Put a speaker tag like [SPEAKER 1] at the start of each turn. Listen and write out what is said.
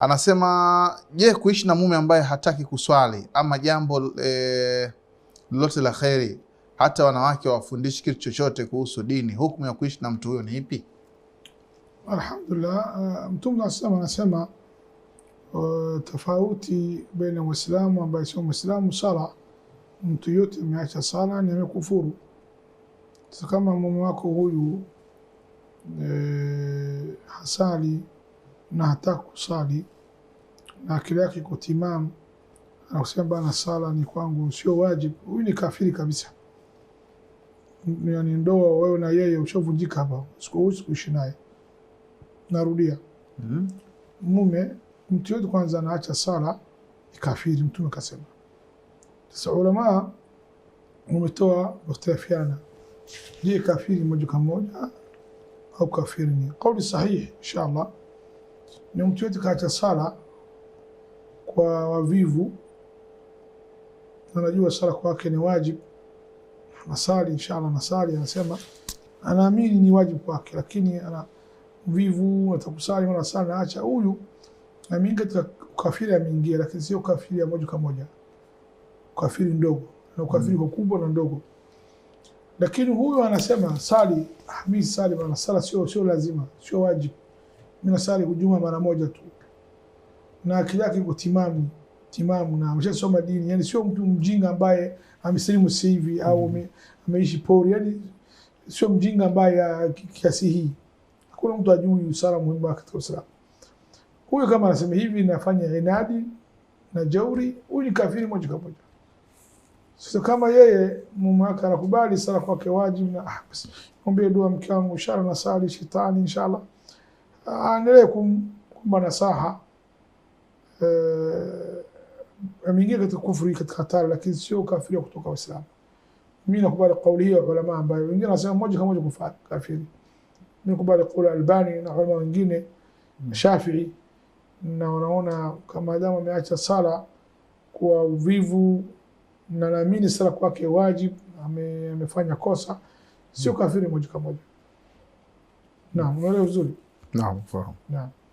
[SPEAKER 1] Anasema je, kuishi na mume ambaye hataki kuswali ama jambo eh, lolote e, la kheri, hata wanawake wawafundishi kitu chochote kuhusu dini, hukumu ya kuishi na mtu huyo ni ipi?
[SPEAKER 2] Alhamdulillah, eh, Mtume anasema uh, tofauti baina Muislamu ambaye sio Muislamu sala, mtu yote ameacha sala ni amekufuru. Sasa kama mume wako huyu e, hasali na hata kusali na akili yake iko timamu, anakusema bana, sala ni kwangu, sio wajibu. Huyu ni kafiri kabisa, yani ndoa wewe na yeye ushavunjika hapa, sikuhusu kuishi naye. Narudia mm -hmm. mume mtu yote kwanza anaacha sala ni kafiri, Mtume kasema. Sasa ulama umetoa wastafiana, je, kafiri moja kwa moja au kafiri ni kauli sahihi? Inshallah ni mtu mchweti kaacha sala kwa wavivu, anajua sala kwake ni wajibu, nasali inshallah, anasali anasema anaamini ni wajibu kwake, lakini ana vivu atakusali mara sana acha huyu, na mingi katika kafiri ameingia, lakini sio ukafiri moja kwa moja, kafiri ndogo na kafiri mm, kubwa na ndogo. Lakini huyu anasema sali Hamisi, sali mara sala sio sio lazima, sio wajibu mimi nasali hujuma mara moja tu, na akili yake iko timamu timamu na ameshasoma dini, yani sio mtu mjinga ambaye amesilimu sasa hivi au ameishi pori, yani sio mjinga ambaye ah, kiasi hii. Hakuna mtu ajui usalama muhimu wa katika Uislamu. Huyu kama anasema hivi, nafanya inadi na jeuri, huyu ni kafiri moja kwa moja. Sasa kama yeye mume wake anakubali sala kwake wajibu, na ah, basi ombee dua mke wangu, inshallah nasali shetani, inshallah aendelee kumpa nasaha eh, ameingia katika kufuri katika hatari, lakini sio kafiri kutoka Uislamu. Mimi nakubali kauli hiyo ya ulama ambayo wengine wanasema moja kwa moja kufaa kafiri. Mimi nakubali kauli Albani na ulama wengine hmm. Shafii, na wanaona kama adamu ameacha sala kwa uvivu na naamini sala kwake wajib, amefanya kosa, sio hmm. kafiri moja kwa moja. Naam, unaelewa vizuri. نعم فاهم نعم